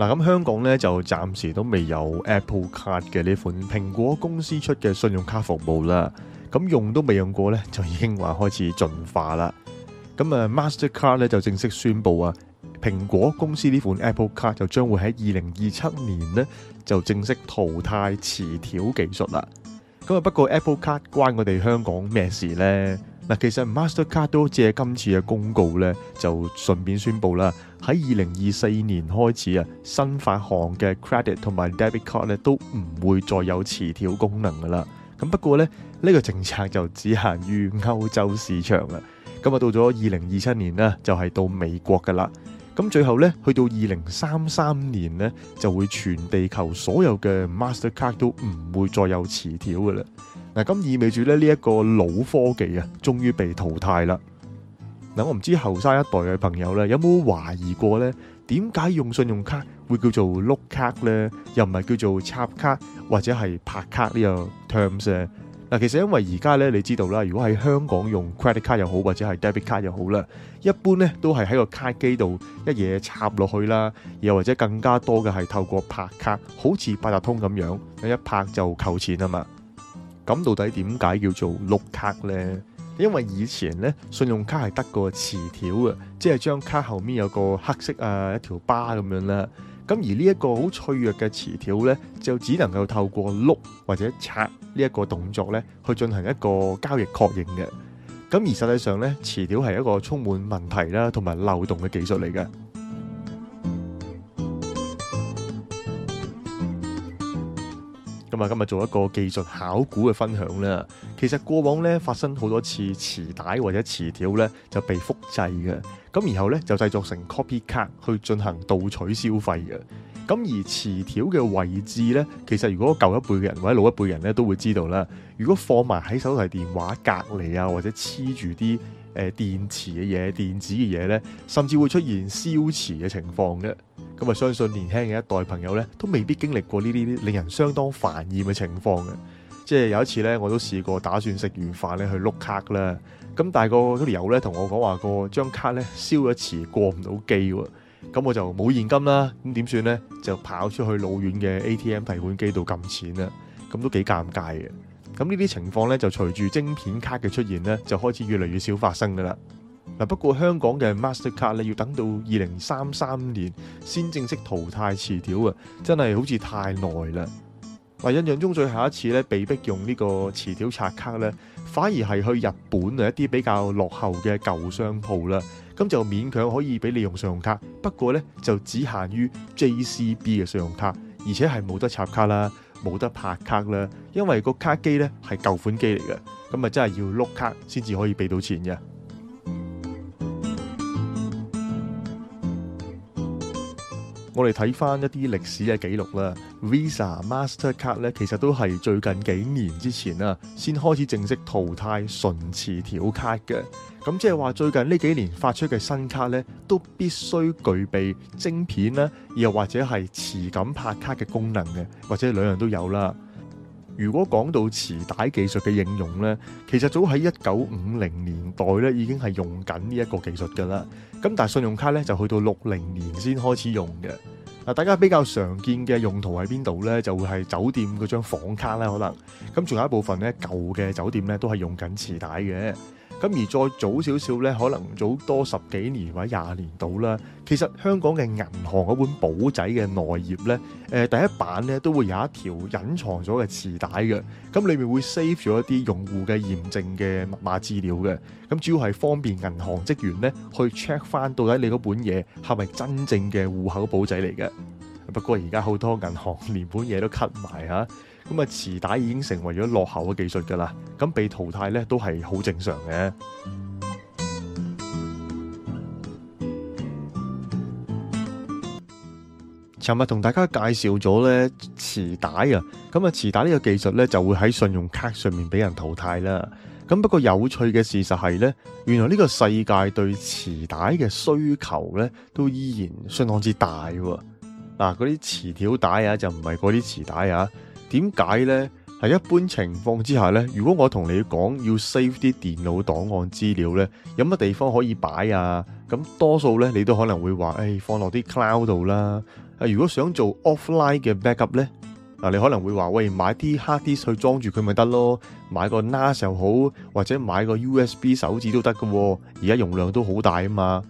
嗱，咁香港咧就暫時都未有 Apple Card 嘅呢款蘋果公司出嘅信用卡服務啦。咁用都未用過咧，就已經話開始進化啦。咁啊，Mastercard 咧就正式宣布啊，蘋果公司呢款 Apple Card 就將會喺二零二七年咧就正式淘汰磁條技術啦。咁啊，不過 Apple Card 關我哋香港咩事呢？嗱，其實 Mastercard 都借今次嘅公告咧，就順便宣布啦，喺二零二四年開始啊，新發行嘅 credit 同埋 debit card 咧都唔會再有磁條功能噶啦。咁不過咧，呢個政策就只限於歐洲市場啊。咁啊，到咗二零二七年呢，就係到美國噶啦。咁最後咧，去到二零三三年呢，就會全地球所有嘅 Mastercard 都唔會再有磁條噶啦。嗱，咁意味住咧呢一個老科技啊，終於被淘汰啦。嗱，我唔知後生一代嘅朋友咧，有冇懷疑過呢？點解用信用卡會叫做碌卡呢？又唔係叫做插卡或者係拍卡呢？個 terms 啊。嗱，其實因為而家呢，你知道啦，如果喺香港用 credit card 又好，或者係 debit card 又好啦，一般呢都係喺個卡機度一嘢插落去啦，又或者更加多嘅係透過拍卡，好似八達通咁樣，一拍就扣錢啊嘛。咁到底點解叫做碌卡呢？因為以前呢，信用卡係得個磁條嘅，即係張卡後面有個黑色啊一條巴咁樣啦。咁而呢一個好脆弱嘅磁條呢，就只能夠透過碌或者刷呢一個動作呢，去進行一個交易確認嘅。咁而實際上呢，磁條係一個充滿問題啦，同埋漏洞嘅技術嚟嘅。今日做一個技術考古嘅分享啦。其實過往咧發生好多次磁帶或者磁條咧就被複製嘅，咁然後咧就製作成 copy card 去進行盜取消費嘅。咁而磁條嘅位置咧，其實如果舊一輩嘅人或者老一輩人咧都會知道啦。如果放埋喺手提電話隔籬啊，或者黐住啲誒電池嘅嘢，電子嘅嘢咧，甚至會出現消磁嘅情況嘅。咁啊，相信年輕嘅一代朋友咧，都未必經歷過呢啲令人相當煩厭嘅情況嘅。即係有一次咧，我都試過打算食完飯咧去碌卡啦。咁但係個嗰條友咧同我講話個張卡咧燒咗一次過唔到機喎。咁我就冇現金啦，咁點算呢？就跑出去老遠嘅 ATM 提款機度撳錢啦。咁都幾尷尬嘅。咁呢啲情況咧就隨住晶片卡嘅出現呢就開始越嚟越少發生噶啦。嗱，不過香港嘅 Master 卡咧，要等到二零三三年先正式淘汰磁條啊，真係好似太耐啦。嗱，印象中最後一次咧被逼用呢個磁條刷卡咧，反而係去日本一啲比較落後嘅舊商鋪啦。咁就勉強可以俾你用信用卡，不過咧就只限於 JCB 嘅信用卡，而且係冇得插卡啦，冇得拍卡啦，因為個卡機咧係舊款機嚟嘅，咁啊真係要碌卡先至可以俾到錢嘅。我哋睇翻一啲歷史嘅記錄啦，Visa、Mastercard 咧，其實都係最近幾年之前啊，先開始正式淘汰純磁條卡嘅。咁即係話最近呢幾年發出嘅新卡咧，都必須具備晶片啦，又或者係磁感拍卡嘅功能嘅，或者兩樣都有啦。如果講到磁帶技術嘅應用呢，其實早喺一九五零年代咧已經係用緊呢一個技術㗎啦。咁但係信用卡咧就去到六零年先開始用嘅。嗱，大家比較常見嘅用途喺邊度呢？就會係酒店嗰張房卡啦，可能。咁仲有一部分咧舊嘅酒店咧都係用緊磁帶嘅。咁而再早少少呢，可能早多十幾年或者廿年到啦。其實香港嘅銀行嗰本簿仔嘅內頁呢，誒第一版呢都會有一條隱藏咗嘅磁帶嘅，咁裏面會 save 咗一啲用戶嘅驗證嘅密碼資料嘅。咁主要係方便銀行職員呢去 check 翻到底你嗰本嘢係咪真正嘅戶口簿仔嚟嘅。不過而家好多銀行連本嘢都 cut 埋吓。咁啊，磁帶已經成為咗落後嘅技術噶啦，咁被淘汰咧都係好正常嘅。尋日同大家介紹咗咧磁帶啊，咁啊磁帶呢個技術咧就會喺信用卡上面俾人淘汰啦。咁不過有趣嘅事實係咧，原來呢個世界對磁帶嘅需求咧都依然相當之大喎。嗱，嗰啲磁條帶啊，就唔係嗰啲磁帶啊。點解呢？喺一般情況之下呢，如果我同你講要 save 啲電腦檔案資料呢，有乜地方可以擺啊？咁多數呢，你都可能會話，誒、哎，放落啲 cloud 度啦。啊，如果想做 offline 嘅 backup 呢，嗱，你可能會話，喂，買啲 hard disk 去裝住佢咪得咯，買個 NAS 又好，或者買個 USB 手指都得㗎。而家容量都好大啊嘛。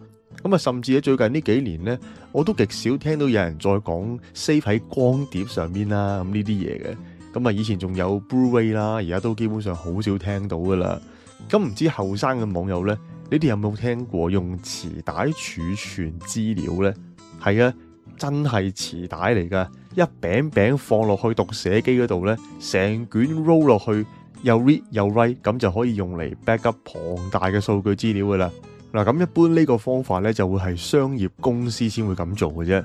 咁啊，甚至喺最近呢幾年咧，我都極少聽到有人再講 save 喺光碟上面啦，咁呢啲嘢嘅。咁啊，以前仲有 Blu-ray 啦，而家都基本上好少聽到噶啦。咁唔知後生嘅網友咧，你哋有冇聽過用磁帶儲存資料咧？係啊，真係磁帶嚟噶，一餅餅放落去讀寫機嗰度咧，成卷 roll 落去又 read 又 write，咁就可以用嚟 backup 龐大嘅數據資料噶啦。嗱，咁一般呢個方法呢就會係商業公司先會咁做嘅啫。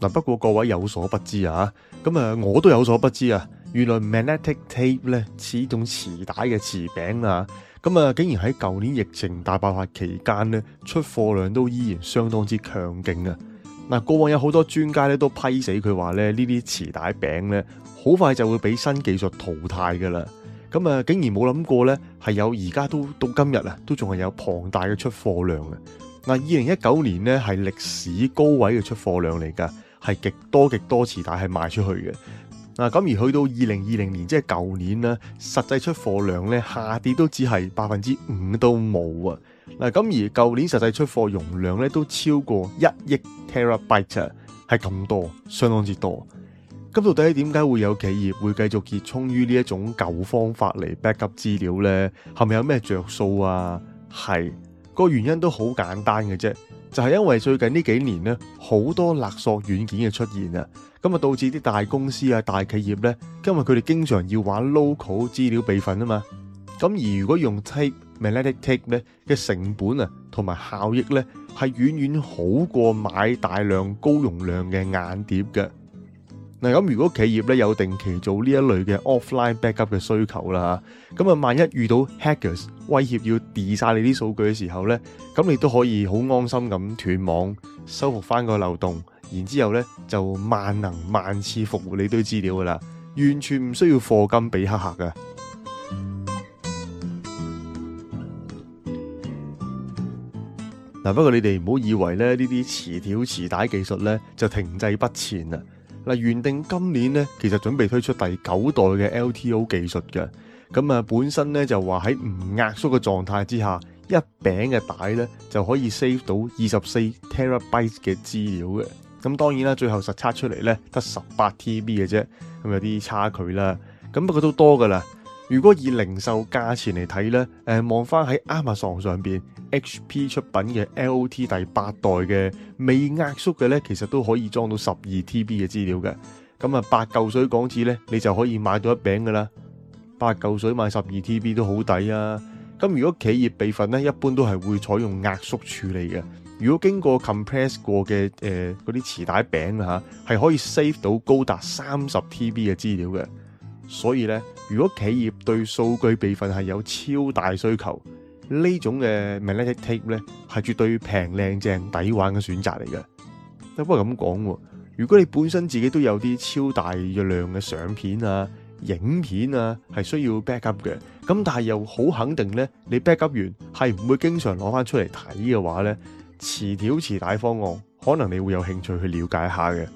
嗱，不過各位有所不知啊，咁啊，我都有所不知啊。原來 magnetic tape 呢，似種磁帶嘅磁餅啊。咁啊，竟然喺舊年疫情大爆發期間呢，出貨量都依然相當之強勁啊！嗱，過往有好多專家咧都批死佢話咧，呢啲磁帶餅呢，好快就會俾新技術淘汰噶啦。咁啊，竟然冇諗過咧，係有而家都到今日啊，都仲係有龐大嘅出貨量啊！嗱，二零一九年咧係歷史高位嘅出貨量嚟噶，係極多極多磁帶係賣出去嘅。嗱，咁而去到二零二零年，即係舊年咧，實際出貨量咧下跌都只係百分之五都冇啊！嗱，咁而舊年實際出貨容量咧都超過一億 terabyte，係咁多，相當之多。咁到底點解會有企業會繼續熱衷於呢一種舊方法嚟 backup 資料呢？係咪有咩着數啊？係、個原因都好簡單嘅啫，就係、是、因為最近呢幾年呢，好多勒索軟件嘅出現啊，咁啊導致啲大公司啊、大企業呢，因為佢哋經常要玩 local 資料備份啊嘛，咁而如果用 tape magnetic tape 呢嘅成本啊同埋效益呢，係遠遠好過買大量高容量嘅硬碟嘅。嗱咁，如果企業咧有定期做呢一類嘅 offline backup 嘅需求啦，咁啊，萬一遇到 hackers 威脅要 delete 曬你啲數據嘅時候咧，咁你都可以好安心咁斷網，修復翻個漏洞，然之後咧就萬能萬次復活你堆資料噶啦，完全唔需要課金俾黑客噶。嗱，不過你哋唔好以為咧呢啲磁條磁帶技術咧就停滯不前啊！嗱，原定今年咧，其實準備推出第九代嘅 LTO 技術嘅。咁啊，本身咧就話喺唔壓縮嘅狀態之下，一餅嘅帶咧就可以 save 到二十四 terabyte 嘅資料嘅。咁當然啦，最後實測出嚟咧得十八 TB 嘅啫，咁有啲差距啦。咁不過都多噶啦。如果以零售價錢嚟睇咧，誒，望翻喺 Amazon 上邊。HP 出品嘅 LTO 第八代嘅未壓縮嘅呢，其實都可以裝到十二 TB 嘅資料嘅。咁啊，八舊水港紙呢，你就可以買到一餅噶啦。八舊水買十二 TB 都好抵啊！咁如果企業備份呢，一般都係會採用壓縮處理嘅。如果經過 compress 過嘅誒嗰啲磁帶餅嚇，係、啊、可以 save 到高達三十 TB 嘅資料嘅。所以呢，如果企業對數據備份係有超大需求。種呢種嘅 magnetic tape 咧，係絕對平靚正抵玩嘅選擇嚟嘅。不過咁講喎，如果你本身自己都有啲超大嘅量嘅相片啊、影片啊，係需要 backup 嘅，咁但係又好肯定咧，你 backup 完係唔會經常攞翻出嚟睇嘅話咧，磁條磁帶方案可能你會有興趣去了解下嘅。